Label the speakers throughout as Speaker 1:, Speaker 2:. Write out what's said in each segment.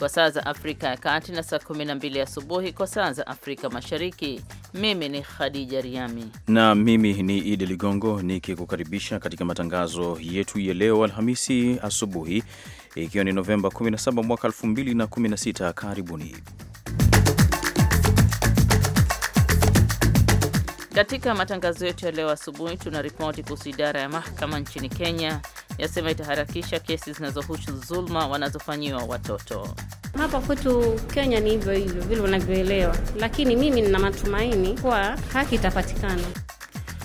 Speaker 1: kwa saa za Afrika ya Kati na saa 12 asubuhi kwa saa za Afrika Mashariki. Mimi ni Khadija Riami
Speaker 2: na mimi ni Idi Ligongo nikikukaribisha katika matangazo yetu ya leo Alhamisi asubuhi, ikiwa ni Novemba 17 mwaka 2016. Karibuni
Speaker 1: katika matangazo yetu ya leo asubuhi. Tuna ripoti kuhusu idara ya mahakama nchini Kenya yasema itaharakisha kesi zinazohusu dhuluma wanazofanyiwa watoto.
Speaker 3: Hapa kwetu Kenya ni hivyo hivyo vile unavyoelewa, lakini mimi nina matumaini kwa haki itapatikana.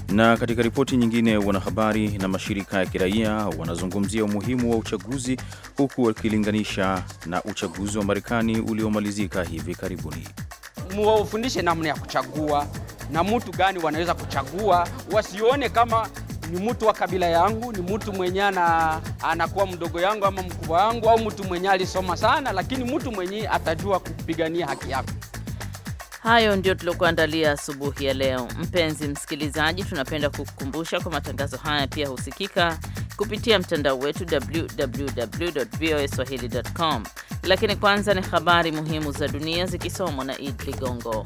Speaker 2: Na katika ripoti nyingine, wanahabari na mashirika ya kiraia wanazungumzia umuhimu wa uchaguzi huku wakilinganisha na uchaguzi wa Marekani uliomalizika hivi karibuni.
Speaker 4: Muwafundishe namna ya kuchagua na mtu gani wanaweza kuchagua, wasione kama ni mtu wa kabila yangu, ni mtu mwenye anakuwa mdogo yangu ama mkubwa yangu, au mtu mwenye alisoma sana, lakini mtu mwenye atajua kupigania haki
Speaker 1: yako. Hayo ndio tuliokuandalia asubuhi ya leo. Mpenzi msikilizaji, tunapenda kukukumbusha kwa matangazo haya pia husikika kupitia mtandao wetu www.voaswahili.com. Lakini kwanza ni habari muhimu za dunia zikisomwa na Id Ligongo.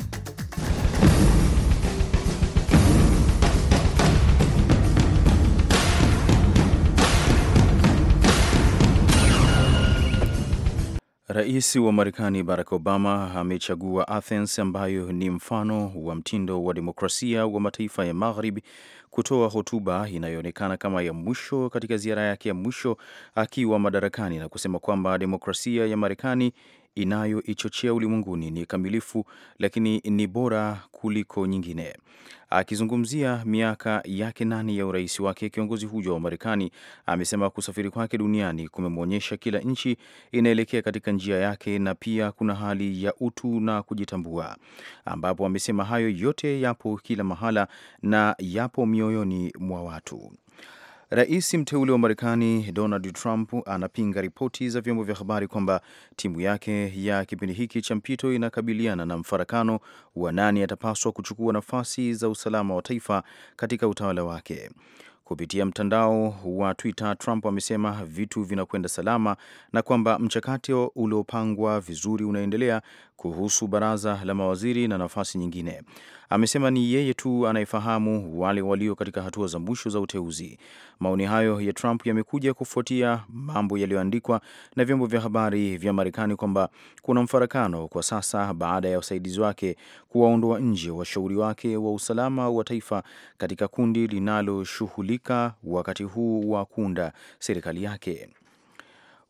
Speaker 2: Rais wa Marekani Barack Obama amechagua Athens, ambayo ni mfano wa mtindo wa demokrasia wa mataifa ya Magharibi, kutoa hotuba inayoonekana kama ya mwisho katika ziara yake ya mwisho akiwa madarakani, na kusema kwamba demokrasia ya Marekani inayoichochea ulimwenguni ni kamilifu, lakini ni bora kuliko nyingine. Akizungumzia miaka yake nane ya urais wake, kiongozi huyo wa Marekani amesema kusafiri kwake duniani kumemwonyesha kila nchi inaelekea katika njia yake, na pia kuna hali ya utu na kujitambua, ambapo amesema hayo yote yapo kila mahala na yapo mioyoni mwa watu. Rais mteule wa Marekani Donald Trump anapinga ripoti za vyombo vya habari kwamba timu yake ya kipindi hiki cha mpito inakabiliana na mfarakano wa nani atapaswa kuchukua nafasi za usalama wa taifa katika utawala wake. Kupitia mtandao wa Twitter, Trump amesema vitu vinakwenda salama na kwamba mchakato uliopangwa vizuri unaendelea kuhusu baraza la mawaziri na nafasi nyingine. Amesema ni yeye tu anayefahamu wale walio katika hatua za mwisho za uteuzi. Maoni hayo ya Trump yamekuja kufuatia mambo yaliyoandikwa na vyombo vya habari vya Marekani kwamba kuna mfarakano kwa sasa baada ya wasaidizi wake kuwaondoa nje washauri wake wa usalama wa taifa katika kundi linaloshughulika wakati huu wa kuunda serikali yake.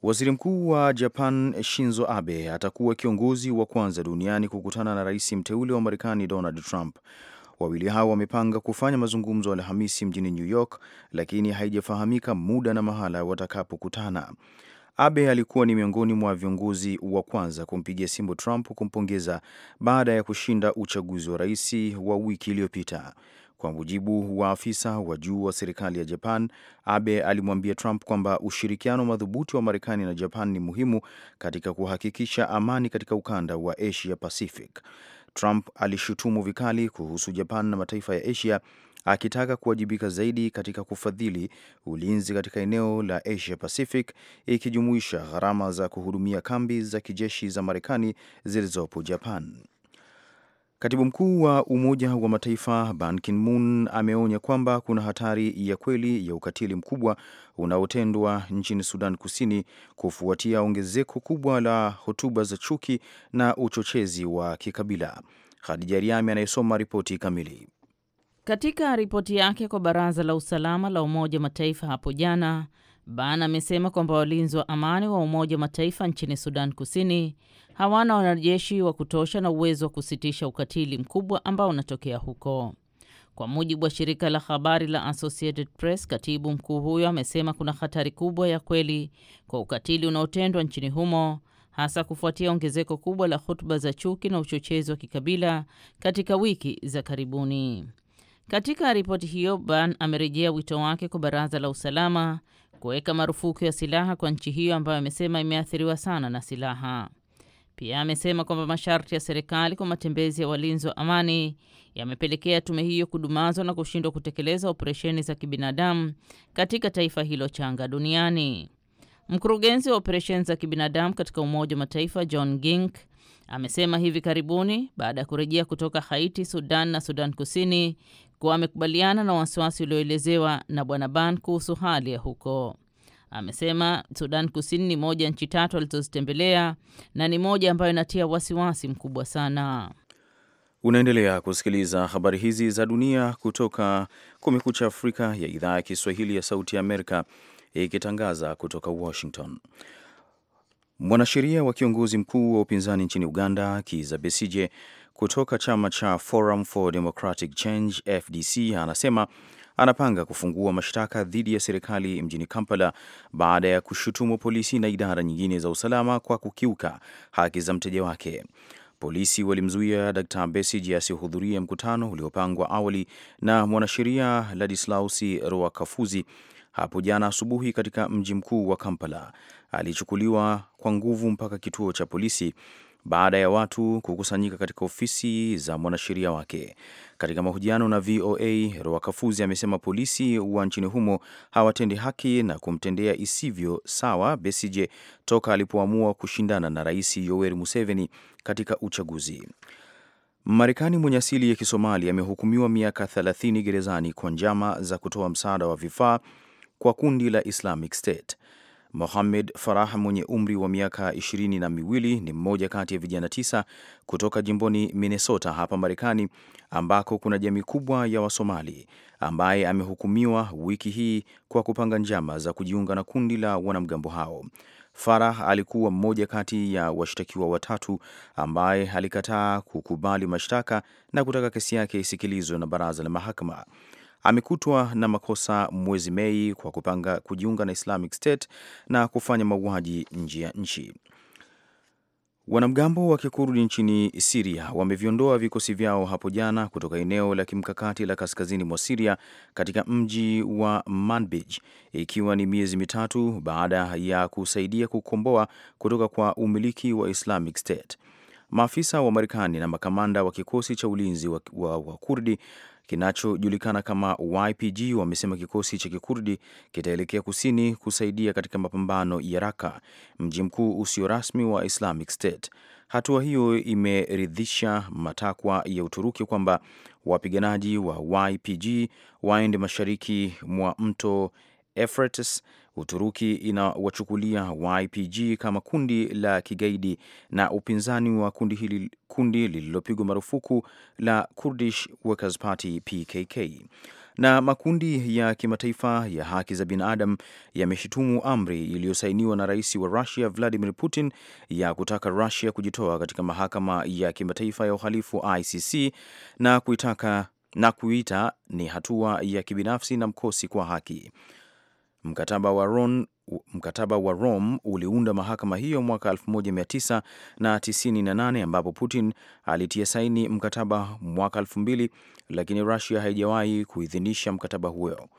Speaker 2: Waziri Mkuu wa Japan Shinzo Abe atakuwa kiongozi wa kwanza duniani kukutana na rais mteule wa Marekani Donald Trump. Wawili hao wamepanga kufanya mazungumzo Alhamisi mjini New York, lakini haijafahamika muda na mahala watakapokutana. Abe alikuwa ni miongoni mwa viongozi wa kwanza kumpigia simu Trump kumpongeza baada ya kushinda uchaguzi wa rais wa wiki iliyopita. Kwa mujibu wa afisa wa juu wa serikali ya Japan, Abe alimwambia Trump kwamba ushirikiano madhubuti wa Marekani na Japan ni muhimu katika kuhakikisha amani katika ukanda wa Asia Pacific. Trump alishutumu vikali kuhusu Japan na mataifa ya Asia akitaka kuwajibika zaidi katika kufadhili ulinzi katika eneo la Asia Pacific ikijumuisha gharama za kuhudumia kambi za kijeshi za Marekani zilizopo Japan. Katibu mkuu wa Umoja wa Mataifa Ban Ki-moon ameonya kwamba kuna hatari ya kweli ya ukatili mkubwa unaotendwa nchini Sudan Kusini kufuatia ongezeko kubwa la hotuba za chuki na uchochezi wa kikabila. Khadija Riami anayesoma ripoti kamili.
Speaker 1: Katika ripoti yake kwa Baraza la Usalama la Umoja wa Mataifa hapo jana, Ban amesema kwamba walinzi wa amani wa Umoja wa Mataifa nchini Sudan Kusini hawana wanajeshi wa kutosha na uwezo wa kusitisha ukatili mkubwa ambao unatokea huko. Kwa mujibu wa shirika la habari la Associated Press, katibu mkuu huyo amesema kuna hatari kubwa ya kweli kwa ukatili unaotendwa nchini humo, hasa kufuatia ongezeko kubwa la hutuba za chuki na uchochezi wa kikabila katika wiki za karibuni. Katika ripoti hiyo, Ban amerejea wito wake kwa baraza la usalama kuweka marufuku ya silaha kwa nchi hiyo ambayo amesema imeathiriwa sana na silaha. Pia amesema kwamba masharti ya serikali kwa matembezi ya walinzi wa amani yamepelekea tume hiyo kudumazwa na kushindwa kutekeleza operesheni za kibinadamu katika taifa hilo changa duniani. Mkurugenzi wa operesheni za kibinadamu katika Umoja wa Mataifa John Gink amesema hivi karibuni baada ya kurejea kutoka Haiti, Sudan na Sudan Kusini kuwa amekubaliana na wasiwasi ulioelezewa na Bwana Ban kuhusu hali ya huko. Amesema Sudan Kusini ni moja nchi tatu alizozitembelea na ni moja ambayo inatia wasiwasi mkubwa sana.
Speaker 2: Unaendelea kusikiliza habari hizi za dunia kutoka Kumekucha Afrika ya idhaa ya Kiswahili ya Sauti ya Amerika ikitangaza kutoka Washington. Mwanasheria wa kiongozi mkuu wa upinzani nchini Uganda Kiza Besije, kutoka chama cha Forum for Democratic Change FDC anasema anapanga kufungua mashtaka dhidi ya serikali mjini Kampala baada ya kushutumu polisi na idara nyingine za usalama kwa kukiuka haki za mteja wake. Polisi walimzuia Dr Besiji asihudhuria mkutano uliopangwa awali na mwanasheria Ladislausi kafuzi hapo jana asubuhi katika mji mkuu wa Kampala. Alichukuliwa kwa nguvu mpaka kituo cha polisi baada ya watu kukusanyika katika ofisi za mwanasheria wake. Katika mahojiano na VOA, Rwakafuzi amesema polisi wa nchini humo hawatendi haki na kumtendea isivyo sawa Besije toka alipoamua kushindana na Rais Yoweri Museveni katika uchaguzi. Marekani mwenye asili ya Kisomali amehukumiwa miaka 30 gerezani kwa njama za kutoa msaada wa vifaa kwa kundi la Islamic State. Mohamed Farah mwenye umri wa miaka ishirini na miwili ni mmoja kati ya vijana tisa kutoka jimboni Minnesota hapa Marekani ambako kuna jamii kubwa ya Wasomali ambaye amehukumiwa wiki hii kwa kupanga njama za kujiunga na kundi la wanamgambo hao. Farah alikuwa mmoja kati ya washtakiwa watatu ambaye alikataa kukubali mashtaka na kutaka kesi yake isikilizwe na baraza la mahakama amekutwa na makosa mwezi Mei kwa kupanga kujiunga na Islamic State na kufanya mauaji nje ya nchi. Wanamgambo wa kikurdi nchini Siria wameviondoa vikosi vyao hapo jana kutoka eneo la kimkakati la kaskazini mwa Siria katika mji wa Manbij, ikiwa ni miezi mitatu baada ya kusaidia kukomboa kutoka kwa umiliki wa Islamic State. Maafisa wa Marekani na makamanda wa kikosi cha ulinzi wa Wakurdi kinachojulikana kama YPG wamesema kikosi cha kikurdi kitaelekea kusini kusaidia katika mapambano ya Raka, mji mkuu usio rasmi wa Islamic State. Hatua hiyo imeridhisha matakwa ya Uturuki kwamba wapiganaji wa YPG waende mashariki mwa mto Euphrates Uturuki inawachukulia YPG kama kundi la kigaidi na upinzani wa kundi hili, kundi lililopigwa marufuku la Kurdish Workers Party PKK na makundi ya kimataifa ya haki za binadamu yameshutumu amri iliyosainiwa na rais wa Russia Vladimir Putin ya kutaka Russia kujitoa katika mahakama ya kimataifa ya uhalifu ICC na kuitaka na kuita ni hatua ya kibinafsi na mkosi kwa haki. Mkataba wa Ron, mkataba wa Rome uliunda mahakama hiyo mwaka 1998 ambapo Putin alitia saini mkataba mwaka 2000, lakini Russia haijawahi kuidhinisha mkataba huo.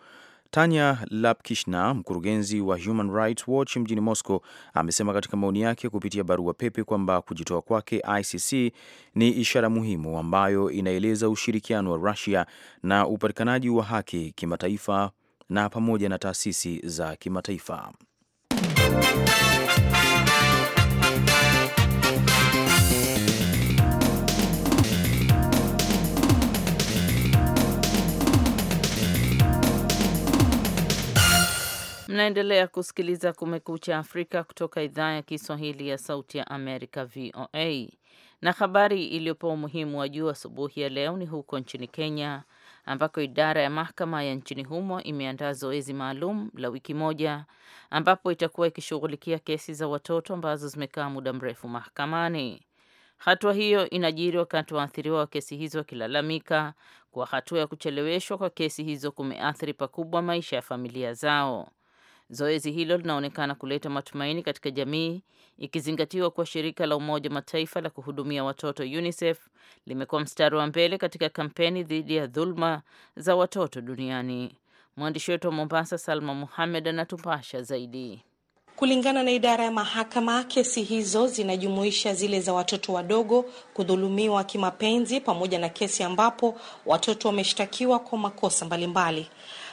Speaker 2: Tanya Lapkishna, mkurugenzi wa Human Rights Watch mjini Moscow, amesema katika maoni yake kupitia barua pepe kwamba kujitoa kwake ICC ni ishara muhimu ambayo inaeleza ushirikiano wa Russia na upatikanaji wa haki kimataifa na pamoja na taasisi za kimataifa.
Speaker 1: Mnaendelea kusikiliza Kumekucha Afrika kutoka idhaa ya Kiswahili ya Sauti ya Amerika, VOA. Na habari iliyopewa umuhimu wa juu asubuhi ya leo ni huko nchini Kenya ambako idara ya mahakama ya nchini humo imeandaa zoezi maalum la wiki moja ambapo itakuwa ikishughulikia kesi za watoto ambazo zimekaa muda mrefu mahakamani. Hatua hiyo inajiri wakati waathiriwa wa kesi hizo wakilalamika kwa hatua ya kucheleweshwa kwa kesi hizo kumeathiri pakubwa maisha ya familia zao. Zoezi hilo linaonekana kuleta matumaini katika jamii ikizingatiwa kuwa shirika la Umoja Mataifa la kuhudumia watoto UNICEF limekuwa mstari wa mbele katika kampeni dhidi ya dhuluma za watoto duniani. Mwandishi wetu wa Mombasa Salma Muhamed anatupasha zaidi. Kulingana
Speaker 3: na idara ya mahakama, kesi hizo zinajumuisha zile za watoto wadogo kudhulumiwa kimapenzi pamoja na kesi ambapo watoto wameshtakiwa kwa makosa mbalimbali.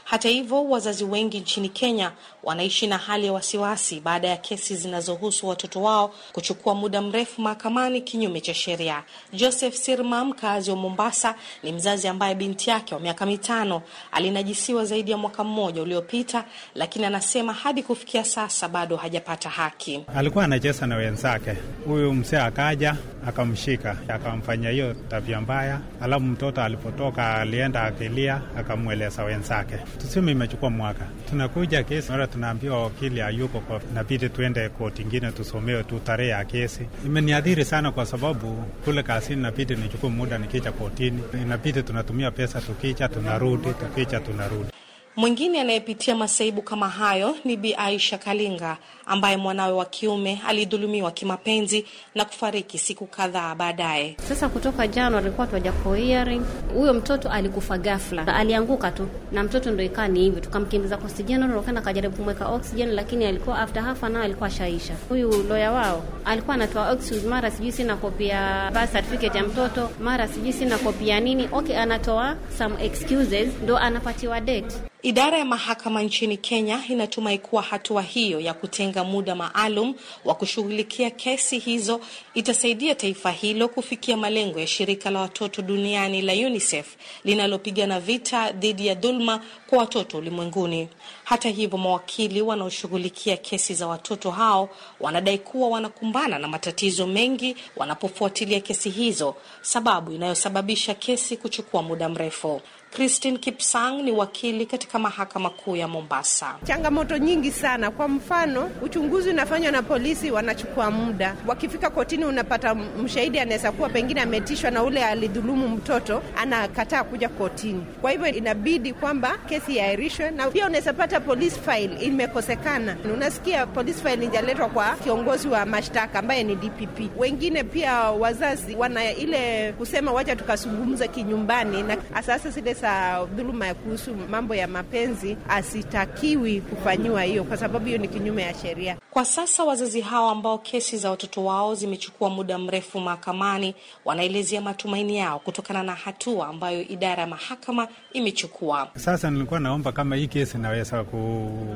Speaker 3: Hata hivyo, wazazi wengi nchini Kenya wanaishi na hali ya wasiwasi baada ya kesi zinazohusu watoto wao kuchukua muda mrefu mahakamani kinyume cha sheria. Joseph Sirma, mkazi wa Mombasa, ni mzazi ambaye binti yake wa miaka mitano alinajisiwa zaidi ya mwaka mmoja uliopita, lakini anasema hadi kufikia sasa bado hajapata haki.
Speaker 4: Alikuwa anacheza na wenzake, huyu msee akaja akamshika akamfanya hiyo tabia mbaya, alafu mtoto alipotoka alienda akilia akamweleza wenzake tuseme imechukua mwaka, tunakuja kesi mara tunaambiwa wakili oh, hayuko, kwa nabidi tuende koti ingine tusomewe tu tarehe ya kesi. Imeniadhiri sana kwa sababu kule kazini nabidi nichukue muda nikicha kotini, inabidi tunatumia pesa tukicha tunarudi, tukicha tunarudi.
Speaker 3: Mwingine anayepitia masaibu kama hayo ni Bi Aisha Kalinga ambaye mwanawe wa kiume alidhulumiwa kimapenzi na kufariki siku kadhaa baadaye. Sasa kutoka jana alikuwa tuajakoiari, huyo mtoto alikufa ghafla, alianguka tu na mtoto ndo ikaa ni hivyo, tukamkimbiza kosijana kana akajaribu kumweka oksijeni, lakini alikuwa after hafa nao alikuwa shaisha. Huyu loya wao alikuwa anatoa oksijeni, mara sijui sina kopi ya birth certificate ya mtoto, mara sijui sina kopi ya nini. Okay, anatoa some excuses ndo anapatiwa date. Idara ya mahakama nchini Kenya inatumai kuwa hatua hiyo ya kutenga muda maalum wa kushughulikia kesi hizo itasaidia taifa hilo kufikia malengo ya shirika la watoto duniani la UNICEF linalopigana vita dhidi ya dhuluma kwa watoto ulimwenguni. Hata hivyo, mawakili wanaoshughulikia kesi za watoto hao wanadai kuwa wanakumbana na matatizo mengi wanapofuatilia kesi hizo, sababu inayosababisha kesi kuchukua muda mrefu. Christine Kipsang ni wakili katika mahakama kuu ya Mombasa. Changamoto nyingi sana, kwa mfano uchunguzi unafanywa na polisi, wanachukua muda. Wakifika kotini, unapata mshahidi anaweza kuwa pengine ametishwa na ule alidhulumu mtoto, anakataa kuja kotini. Kwa hivyo inabidi kwamba kesi iahirishwe, na pia unaweza pata police file imekosekana. Unasikia police file injaletwa kwa kiongozi wa mashtaka ambaye ni DPP. Wengine pia wazazi wana ile kusema, wacha tukazungumza kinyumbani, na asasa pesa, dhuluma ya kuhusu mambo ya mapenzi asitakiwi kufanyiwa hiyo, kwa sababu hiyo ni kinyume ya sheria. Kwa sasa wazazi hao ambao kesi za watoto wao zimechukua muda mrefu mahakamani wanaelezea matumaini yao kutokana na hatua ambayo idara ya mahakama imechukua.
Speaker 4: Sasa nilikuwa naomba kama hii kesi inaweza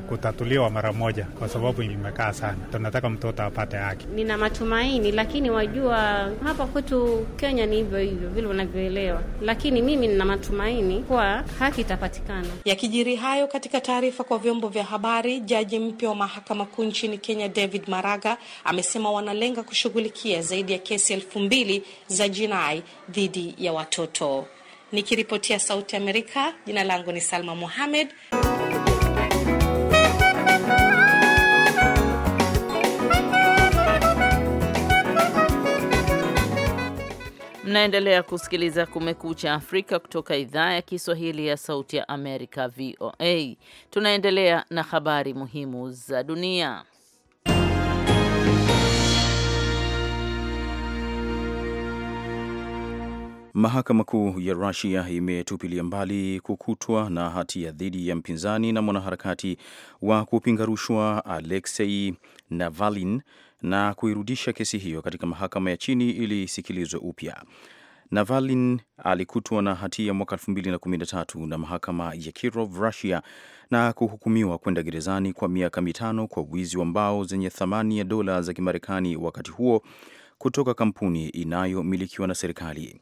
Speaker 4: kutatuliwa mara moja, kwa sababu imekaa sana. Tunataka mtoto apate haki.
Speaker 3: Nina matumaini, lakini wajua, hapa kwetu Kenya ni hivyo hivyo vile unavyoelewa, lakini mimi nina matumaini rasmi kuwa haki itapatikana. Yakijiri hayo, katika taarifa kwa vyombo vya habari, jaji mpya wa mahakama kuu nchini Kenya David Maraga amesema wanalenga kushughulikia zaidi ya kesi elfu mbili za jinai dhidi ya watoto. Nikiripotia Sauti Amerika, jina langu ni Salma Mohamed.
Speaker 1: Mnaendelea kusikiliza Kumekucha Afrika kutoka idhaa ya Kiswahili ya Sauti ya Amerika, VOA. Tunaendelea na habari muhimu za dunia.
Speaker 2: Mahakama Kuu ya Rusia imetupilia mbali kukutwa na hatia dhidi ya mpinzani na mwanaharakati wa kupinga rushwa Alexei Navalny na kuirudisha kesi hiyo katika mahakama ya chini ili isikilizwe upya. Navalin alikutwa na hatia mwaka 2013 na mahakama ya Kirov, Russia na kuhukumiwa kwenda gerezani kwa miaka mitano kwa wizi wa mbao zenye thamani ya dola za Kimarekani wakati huo kutoka kampuni inayomilikiwa na serikali.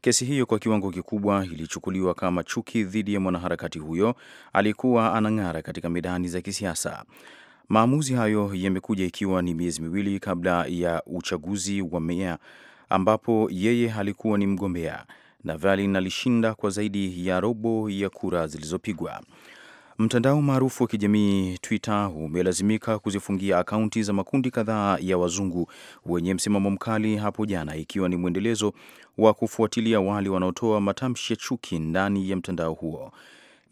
Speaker 2: Kesi hiyo kwa kiwango kikubwa ilichukuliwa kama chuki dhidi ya mwanaharakati huyo alikuwa anang'ara katika medani za kisiasa. Maamuzi hayo yamekuja ikiwa ni miezi miwili kabla ya uchaguzi wa meya ambapo yeye alikuwa ni mgombea. Navalny alishinda kwa zaidi ya robo ya kura zilizopigwa. Mtandao maarufu wa kijamii Twitter umelazimika kuzifungia akaunti za makundi kadhaa ya wazungu wenye msimamo mkali hapo jana, ikiwa ni mwendelezo wa kufuatilia wale wanaotoa matamshi ya chuki ndani ya mtandao huo.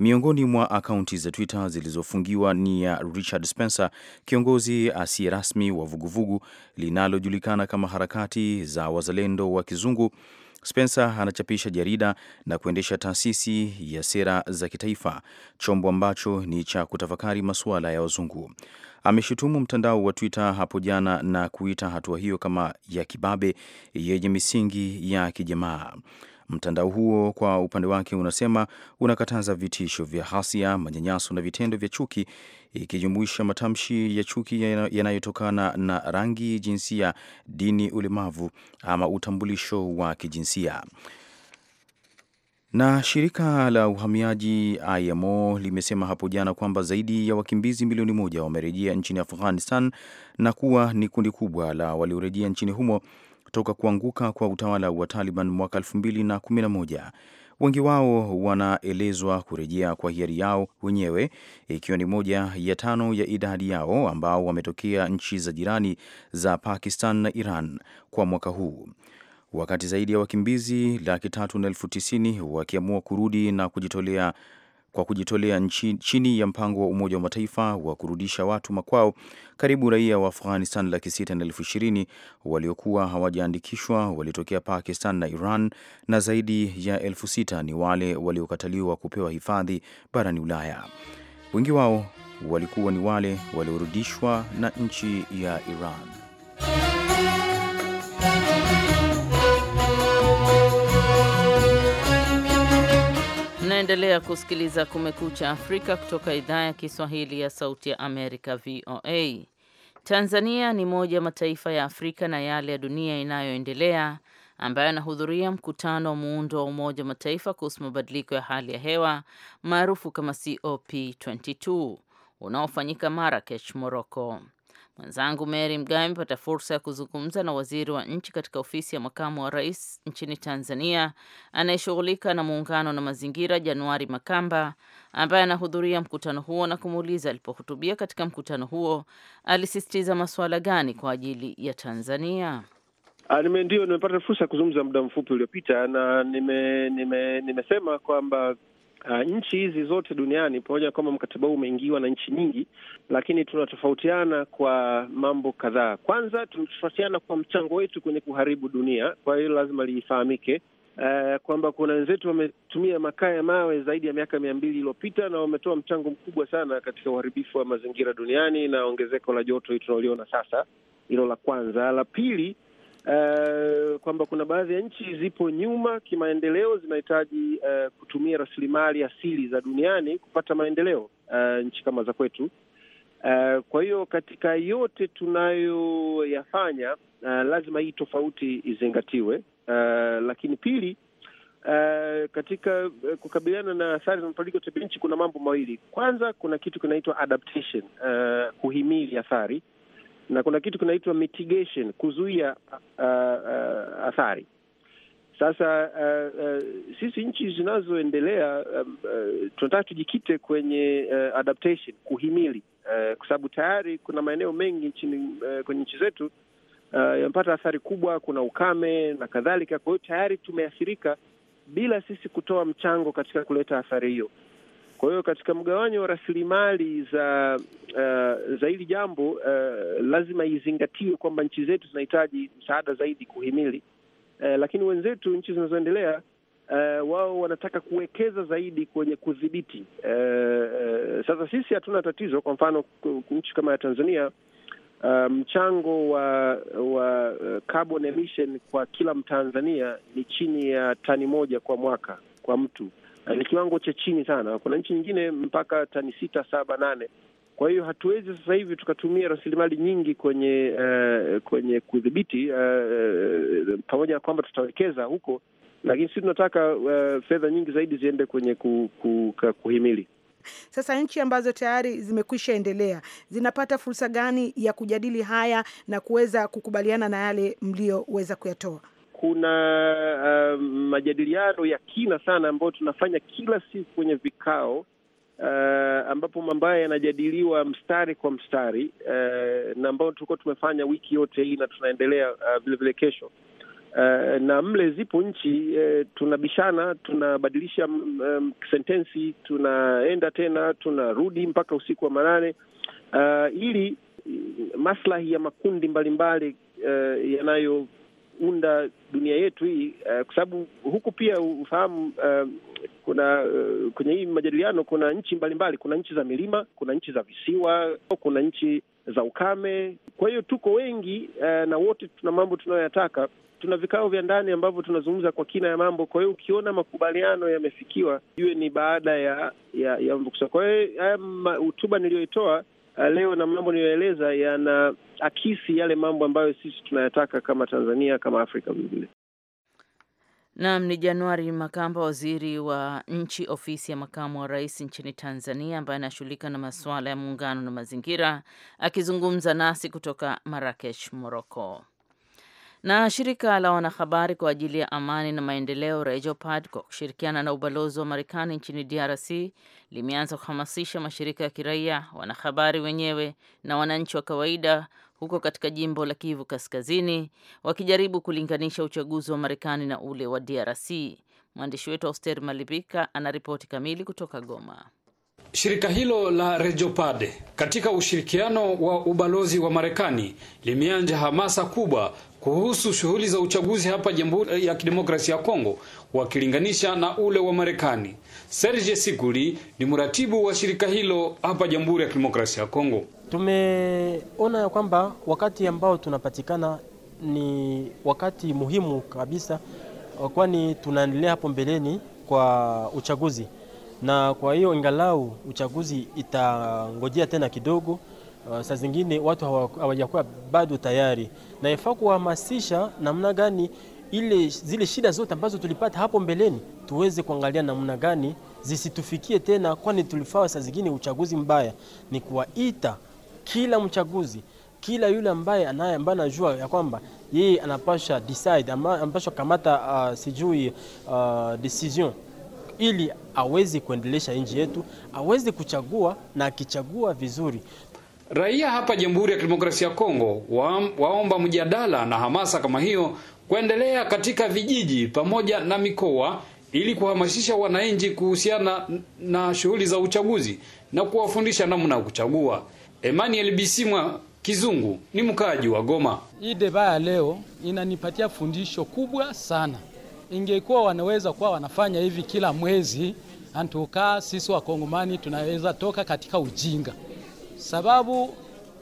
Speaker 2: Miongoni mwa akaunti za Twitter zilizofungiwa ni ya Richard Spencer, kiongozi asiye rasmi wa vuguvugu linalojulikana kama harakati za wazalendo wa kizungu. Spencer anachapisha jarida na kuendesha taasisi ya sera za kitaifa, chombo ambacho ni cha kutafakari masuala ya wazungu. Ameshutumu mtandao wa Twitter hapo jana na kuita hatua hiyo kama ya kibabe yenye misingi ya kijamaa. Mtandao huo kwa upande wake unasema unakataza vitisho vya ghasia, manyanyaso na vitendo vya chuki, ikijumuisha matamshi ya chuki yanayotokana na rangi, jinsia, dini, ulemavu ama utambulisho wa kijinsia. Na shirika la uhamiaji IMO limesema hapo jana kwamba zaidi ya wakimbizi milioni moja wamerejea nchini Afghanistan na kuwa ni kundi kubwa la waliorejea nchini humo toka kuanguka kwa utawala wa Taliban mwaka 2011. Wengi wao wanaelezwa kurejea kwa hiari yao wenyewe, ikiwa ni moja ya tano ya idadi yao ambao wametokea nchi za jirani za Pakistan na Iran kwa mwaka huu, wakati zaidi ya wakimbizi laki tatu na elfu tisini wakiamua kurudi na kujitolea kwa kujitolea nchi, chini ya mpango wa Umoja wa Mataifa wa kurudisha watu makwao. Karibu raia wa Afghanistan laki sita na elfu ishirini waliokuwa hawajaandikishwa walitokea Pakistan na Iran, na zaidi ya elfu sita ni wale waliokataliwa kupewa hifadhi barani Ulaya. Wengi wao walikuwa ni wale waliorudishwa na nchi ya Iran.
Speaker 1: Unaendelea kusikiliza Kumekucha Afrika kutoka idhaa ya Kiswahili ya Sauti ya Amerika, VOA. Tanzania ni moja mataifa ya Afrika na yale ya dunia inayoendelea ambayo anahudhuria mkutano wa muundo wa Umoja wa Mataifa kuhusu mabadiliko ya hali ya hewa maarufu kama COP 22 unaofanyika Marakesh, morocco Mwenzangu Mary Mgawe amepata fursa ya kuzungumza na waziri wa nchi katika ofisi ya makamu wa rais nchini Tanzania anayeshughulika na muungano na mazingira, Januari Makamba, ambaye anahudhuria mkutano huo na kumuuliza alipohutubia katika mkutano huo alisisitiza masuala gani kwa ajili ya Tanzania.
Speaker 5: Ah, nime, ndio nimepata fursa ya kuzungumza muda mfupi uliopita na nime, nime, nimesema kwamba Uh, nchi hizi zote duniani pamoja na kwamba mkataba huu umeingiwa na nchi nyingi, lakini tunatofautiana kwa mambo kadhaa. Kwanza, tunatofautiana kwa mchango wetu kwenye kuharibu dunia, kwa hiyo lazima liifahamike Uh, eh, kwamba kuna wenzetu wametumia makaa ya mawe zaidi ya miaka mia mbili iliyopita na wametoa mchango mkubwa sana katika uharibifu wa mazingira duniani na ongezeko la joto hii tunaliona sasa. Hilo la kwanza. La pili, uh, kwamba kuna baadhi ya nchi zipo nyuma kimaendeleo, zinahitaji uh, kutumia rasilimali asili za duniani kupata maendeleo, uh, nchi kama za kwetu. Uh, kwa hiyo katika yote tunayoyafanya, uh, lazima hii tofauti izingatiwe. Uh, lakini pili Uh, katika uh, kukabiliana na athari za mabadiliko nchi kuna mambo mawili. Kwanza kuna kitu kinaitwa adaptation, uh, kuhimili athari na kuna kitu kinaitwa mitigation, kuzuia uh, uh, athari. Sasa uh, uh, sisi nchi zinazoendelea um, uh, tunataka tujikite kwenye uh, adaptation, kuhimili uh, kwa sababu tayari kuna maeneo mengi nchini uh, kwenye nchi zetu uh, yamepata athari kubwa, kuna ukame na kadhalika. Kwa hiyo tayari tumeathirika bila sisi kutoa mchango katika kuleta athari hiyo. Kwa hiyo katika mgawanyo wa rasilimali za uh, za hili jambo uh, lazima izingatiwe kwamba nchi zetu zinahitaji msaada zaidi kuhimili uh, lakini wenzetu nchi zinazoendelea uh, wao wanataka kuwekeza zaidi kwenye kudhibiti uh, uh, sasa sisi hatuna tatizo. Kwa mfano nchi kama ya Tanzania mchango wa wa carbon emission kwa kila Mtanzania ni chini ya tani moja kwa mwaka kwa mtu Eh, ni kiwango cha chini sana. Kuna nchi nyingine mpaka tani sita, saba, nane. Kwa hiyo hatuwezi sasa hivi tukatumia rasilimali nyingi kwenye uh, kwenye kudhibiti uh, pamoja na kwamba tutawekeza huko, lakini si tunataka uh, fedha nyingi zaidi ziende kwenye ku, ku, ku, kuhimili
Speaker 3: sasa nchi ambazo tayari zimekwisha endelea zinapata fursa gani ya kujadili
Speaker 1: haya na kuweza kukubaliana na yale mliyoweza kuyatoa?
Speaker 5: kuna uh, majadiliano ya kina sana ambayo tunafanya kila siku kwenye vikao uh, ambapo mambaya yanajadiliwa mstari kwa mstari uh, na ambayo tulikuwa tumefanya wiki yote hii na tunaendelea vilevile uh, vilevile kesho uh, na mle zipo nchi uh, tunabishana, tunabadilisha um, sentensi, tunaenda tena tunarudi mpaka usiku wa manane uh, ili maslahi ya makundi mbalimbali mbali, uh, yanayo unda dunia yetu hii uh, kwa sababu huku pia ufahamu uh, kuna uh, kwenye hii majadiliano kuna nchi mbalimbali, kuna nchi za milima, kuna nchi za visiwa, kuna nchi za ukame. Kwa hiyo tuko wengi uh, na wote tuna mambo tunayoyataka. Tuna vikao vya ndani ambavyo tunazungumza kwa kina ya mambo. Kwa hiyo ukiona makubaliano yamefikiwa, jue ni baada ya ya, ya mvuksa. Kwa hiyo haya hotuba niliyoitoa uh, leo na mambo niliyoeleza yana akisi yale mambo ambayo sisi tunayataka kama Tanzania, kama Afrika vilevile.
Speaker 1: Naam, ni Januari Makamba, waziri wa nchi ofisi ya makamu wa rais nchini Tanzania, ambaye anashughulika na masuala ya muungano na mazingira, akizungumza nasi kutoka marakesh Moroko. Na shirika la wanahabari kwa ajili ya amani na maendeleo Rejopad kwa kushirikiana na ubalozi wa Marekani nchini DRC limeanza kuhamasisha mashirika ya kiraia, wanahabari wenyewe na wananchi wa kawaida huko katika jimbo la Kivu Kaskazini, wakijaribu kulinganisha uchaguzi wa Marekani na ule wa DRC. Mwandishi wetu Auster Malivika anaripoti kamili kutoka Goma.
Speaker 4: Shirika hilo la Rejopade katika ushirikiano wa ubalozi wa Marekani limeanja hamasa kubwa kuhusu shughuli za uchaguzi hapa Jamhuri eh, ya Kidemokrasia ya Kongo wakilinganisha na ule wa Marekani. Serge Sikuli ni mratibu wa shirika hilo hapa Jamhuri ya Kidemokrasia ya Kongo.
Speaker 5: Tumeona ya kwamba
Speaker 2: wakati ambao tunapatikana ni wakati muhimu kabisa, kwani tunaendelea hapo mbeleni kwa uchaguzi na kwa hiyo ingalau uchaguzi itangojea tena kidogo. Uh, saa zingine watu hawajakuwa bado tayari, na ifaa kuhamasisha namna gani ile zile shida zote ambazo tulipata hapo mbeleni tuweze kuangalia namna gani zisitufikie tena, kwani tulifaa saa zingine uchaguzi mbaya. Ni kuwaita kila mchaguzi, kila yule ambaye anaye ambaye anajua ya kwamba yeye anapasha decide ama anapasha kamata uh, sijui uh, decision ili awezi kuendelesha nchi yetu,
Speaker 4: awezi kuchagua na akichagua vizuri. Raia hapa Jamhuri ya Kidemokrasia ya Kongo wa, waomba mjadala na hamasa kama hiyo kuendelea katika vijiji pamoja na mikoa ili kuhamasisha wananchi kuhusiana na, na shughuli za uchaguzi na kuwafundisha namna ya kuchagua. Emmanuel Bisimwa Kizungu ni mkaaji wa Goma. Hii debaya leo inanipatia fundisho kubwa sana ingekuwa wanaweza kuwa wanafanya hivi kila mwezi, antukaa sisi wakongomani tunaweza toka katika ujinga, sababu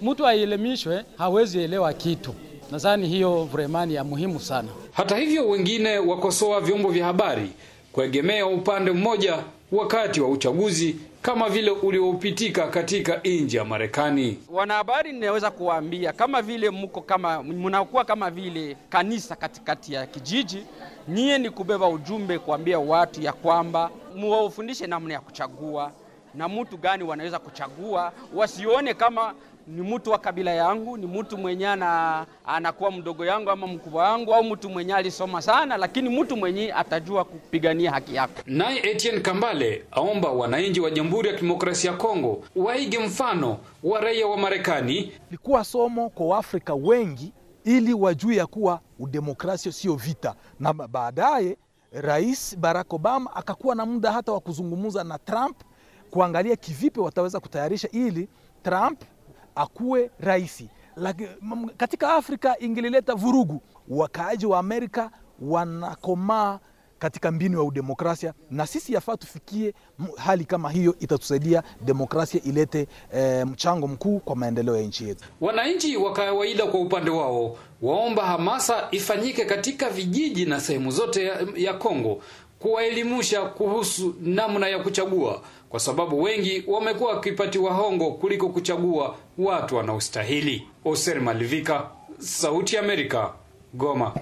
Speaker 4: mtu aelemishwe hawezi elewa kitu. Nadhani hiyo vremani ya muhimu sana. Hata hivyo, wengine wakosoa vyombo vya habari kuegemea upande mmoja wakati wa uchaguzi kama vile uliopitika katika nji ya Marekani. Wanahabari, ninaweza kuwaambia kama vile mko kama mnakuwa kama vile kanisa katikati ya kijiji, nyie ni kubeba ujumbe kuambia watu ya kwamba muwafundishe namna ya kuchagua na mtu gani wanaweza kuchagua, wasione kama ni mtu wa kabila yangu, ni mtu mwenye ana, anakuwa mdogo yangu ama mkubwa yangu au mtu mwenye alisoma sana, lakini mtu mwenye atajua kupigania haki yako. Naye Etienne Kambale aomba wananchi wa Jamhuri ya Kidemokrasia ya Kongo waige mfano wa raia wa Marekani. likuwa somo kwa Waafrika wengi ili wajue ya kuwa udemokrasia sio vita, na baadaye Rais Barack Obama akakuwa na muda hata wa kuzungumza na Trump kuangalia kivipi wataweza kutayarisha ili Trump akuwe rais. Laki, katika Afrika ingelileta vurugu. Wakaaji wa Amerika wanakomaa katika mbinu ya udemokrasia, na sisi yafaa tufikie hali kama hiyo. Itatusaidia demokrasia ilete e, mchango mkuu kwa maendeleo ya nchi yetu. Wananchi wa kawaida kwa upande wao waomba hamasa ifanyike katika vijiji na sehemu zote ya, ya Kongo kuwaelimisha kuhusu namna ya kuchagua kwa sababu wengi wamekuwa wakipatiwa hongo kuliko kuchagua watu wanaostahili. Oser Malivika, Sauti ya Amerika, Goma.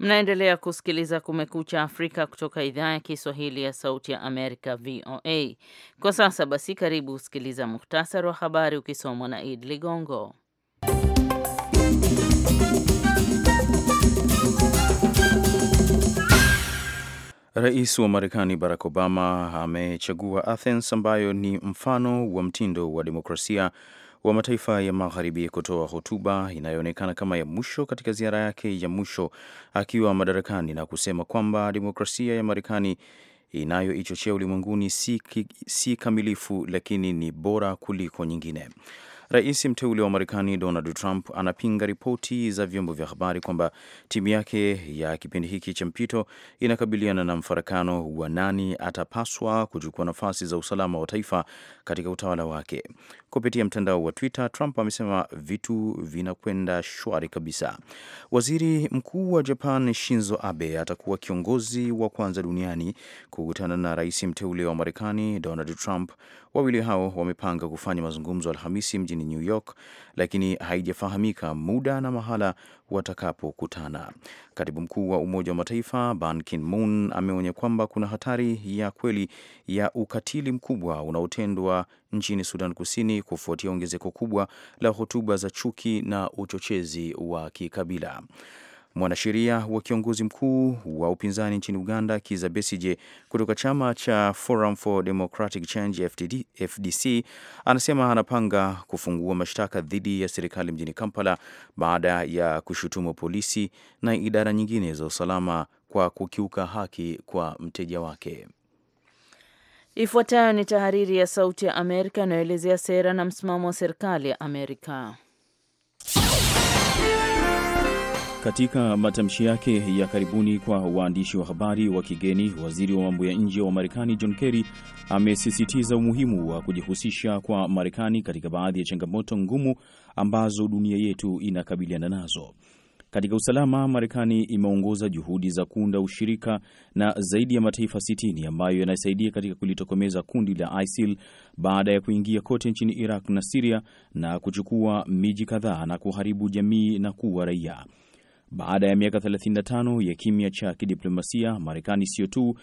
Speaker 1: Mnaendelea kusikiliza Kumekucha Afrika kutoka idhaa ya Kiswahili ya Sauti ya Amerika, VOA. Kwa sasa basi, karibu usikiliza muhtasari wa habari ukisomwa na Id Ligongo.
Speaker 2: Rais wa Marekani Barack Obama amechagua Athens ambayo ni mfano wa mtindo wa demokrasia wa mataifa ya Magharibi kutoa hotuba inayoonekana kama ya mwisho katika ziara yake ya mwisho akiwa madarakani na kusema kwamba demokrasia ya Marekani inayoichochea ulimwenguni si, si kamilifu lakini ni bora kuliko nyingine. Rais mteule wa Marekani Donald Trump anapinga ripoti za vyombo vya habari kwamba timu yake ya kipindi hiki cha mpito inakabiliana na mfarakano wa nani atapaswa kuchukua nafasi za usalama wa taifa katika utawala wake. Kupitia mtandao wa Twitter, Trump amesema vitu vinakwenda shwari kabisa. Waziri Mkuu wa Japan Shinzo Abe atakuwa kiongozi wa kwanza duniani kukutana na rais mteule wa Marekani Donald Trump. Wawili hao wamepanga kufanya mazungumzo Alhamisi mjini New York, lakini haijafahamika muda na mahala watakapokutana. Katibu mkuu wa Umoja wa Mataifa Ban Ki-moon ameonya kwamba kuna hatari ya kweli ya ukatili mkubwa unaotendwa nchini Sudan Kusini kufuatia ongezeko kubwa la hotuba za chuki na uchochezi wa kikabila. Mwanasheria wa kiongozi mkuu wa upinzani nchini Uganda, Kiza Besije, kutoka chama cha Forum for Democratic Change FDD, FDC, anasema anapanga kufungua mashtaka dhidi ya serikali mjini Kampala baada ya kushutumu polisi na idara nyingine za usalama kwa kukiuka haki kwa mteja wake.
Speaker 1: Ifuatayo ni tahariri ya Sauti ya Amerika inayoelezea sera na msimamo wa serikali ya Amerika.
Speaker 2: Katika matamshi yake ya karibuni kwa waandishi wa habari wa kigeni, waziri wa mambo ya nje wa Marekani John Kerry amesisitiza umuhimu wa kujihusisha kwa Marekani katika baadhi ya changamoto ngumu ambazo dunia yetu inakabiliana nazo. Katika usalama, Marekani imeongoza juhudi za kuunda ushirika na zaidi ya mataifa 60 ambayo yanasaidia katika kulitokomeza kundi la ISIL baada ya kuingia kote nchini Iraq na Siria na kuchukua miji kadhaa na kuharibu jamii na kuua raia. Baada ya miaka 35 ya kimya cha kidiplomasia, Marekani sio tu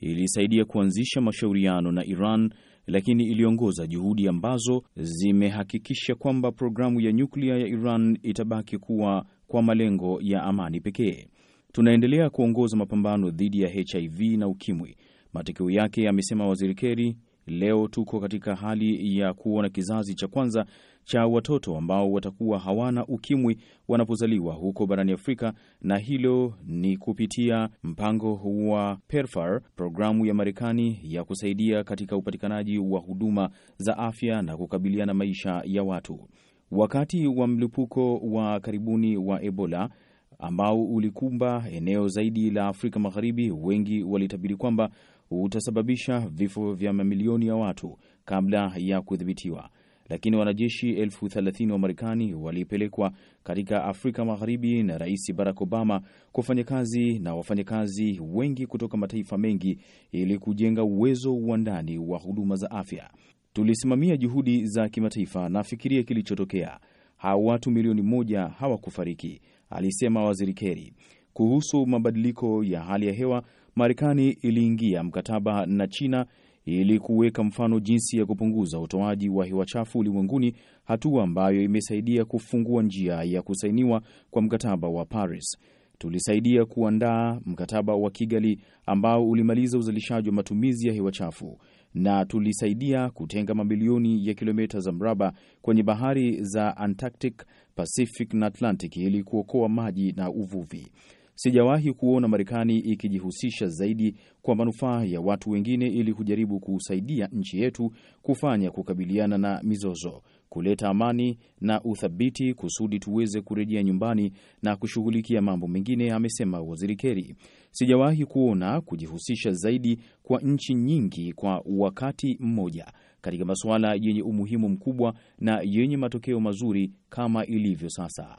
Speaker 2: ilisaidia kuanzisha mashauriano na Iran lakini iliongoza juhudi ambazo zimehakikisha kwamba programu ya nyuklia ya Iran itabaki kuwa kwa malengo ya amani pekee. Tunaendelea kuongoza mapambano dhidi ya HIV na UKIMWI, matokeo yake, amesema Waziri Keri. Leo tuko katika hali ya kuona kizazi cha kwanza cha watoto ambao watakuwa hawana ukimwi wanapozaliwa huko barani Afrika, na hilo ni kupitia mpango wa PEPFAR, programu ya Marekani ya kusaidia katika upatikanaji wa huduma za afya na kukabiliana maisha ya watu. Wakati wa mlipuko wa karibuni wa Ebola ambao ulikumba eneo zaidi la Afrika Magharibi, wengi walitabiri kwamba utasababisha vifo vya mamilioni ya watu kabla ya kudhibitiwa, lakini wanajeshi elfu thelathini wa Marekani walipelekwa katika Afrika Magharibi na Rais Barack Obama kufanya kazi na wafanyakazi wengi kutoka mataifa mengi ili kujenga uwezo wa ndani wa huduma za afya. Tulisimamia juhudi za kimataifa na fikiria kilichotokea. Hao watu milioni moja hawakufariki, alisema Waziri keri Kuhusu mabadiliko ya hali ya hewa, Marekani iliingia mkataba na China ili kuweka mfano jinsi ya kupunguza utoaji wa hewa chafu ulimwenguni, hatua ambayo imesaidia kufungua njia ya kusainiwa kwa mkataba wa Paris. Tulisaidia kuandaa mkataba wa Kigali ambao ulimaliza uzalishaji wa matumizi ya hewa chafu na tulisaidia kutenga mabilioni ya kilomita za mraba kwenye bahari za Antarctic, Pacific na Atlantic ili kuokoa maji na uvuvi. Sijawahi kuona Marekani ikijihusisha zaidi kwa manufaa ya watu wengine ili kujaribu kusaidia nchi yetu kufanya kukabiliana na mizozo kuleta amani na uthabiti kusudi tuweze kurejea nyumbani na kushughulikia mambo mengine, amesema Waziri keri Sijawahi kuona kujihusisha zaidi kwa nchi nyingi kwa wakati mmoja katika masuala yenye umuhimu mkubwa na yenye matokeo mazuri kama ilivyo sasa.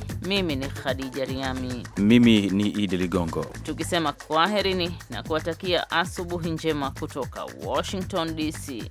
Speaker 1: mimi ni Khadija Riami,
Speaker 2: mimi ni Idi Ligongo,
Speaker 1: tukisema kwaherini na kuwatakia asubuhi njema kutoka Washington DC.